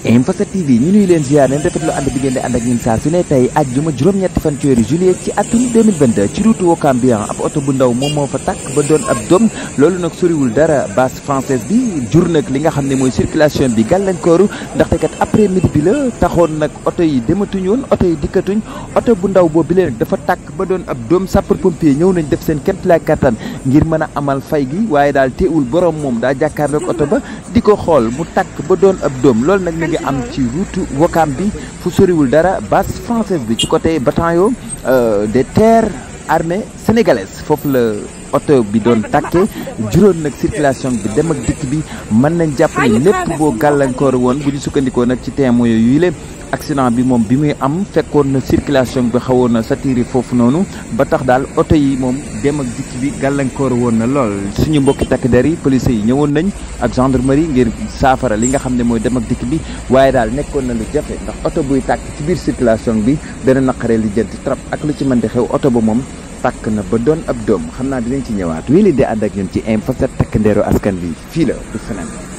info7 tv ñu nuyu leen ziar leen rafetlu ànd bi ngeen di ànd ak ñun saa su ne tey àjjuma juróom-ñetti fan ci ci atum ci route Ouakam bi ab oto bu ndaw moom moo fa takk ba doon ab doom loolu nag soriwul dara base française bi jur nag li nga xam ne mooy circulation bi gàllankooru ndaxte kat après bi la taxoon nag oto dematuñ woon oto dikkatuñ oto bu ndaw boobu leen dafa tàkk ba doon ab doom sapeur pompier ñëw nañ def seen kémt laay kattan ngir mën a amal fay gi waaye daal teewul borom moom daa jàkkaarloog oto ba di ko xool mu takk ba doon ab doom loolu nag gi am ci route Wokam bi fu soriwul dara base française bi ci côté bataillon euh, des terres armées sénégalaises foofu la oto bi doon tàkkee juróon nag circulation bi dem ak dikk bi mën nañ jàpp ne lépp boo gàllankoor woon bu ñu sukkandikoo nag ci témoins yooyu lépp accident bi moom bi muy am fekkoon na circulation bi xawoon na satiri foofu noonu ba tax daal oto moom dem dikk bi gàllankoor woon na lool suñu mbokki takk der yi police yi ñëwoon nañ ak gendarmerie ngir saafara li nga xam ne mooy dem ak dikk bi waaye daal nekkoon na lu jafe ndax oto buy takk ci biir circulation bi dana naqaree li jënti trap ak lu ci mën di xew oto ba moom tàkk na ba doon ab doom xam naa dinañ ci ñëwaat wéy li di ànd ak ñun ci info 7 takk ndeeru askan bi fii la du feneen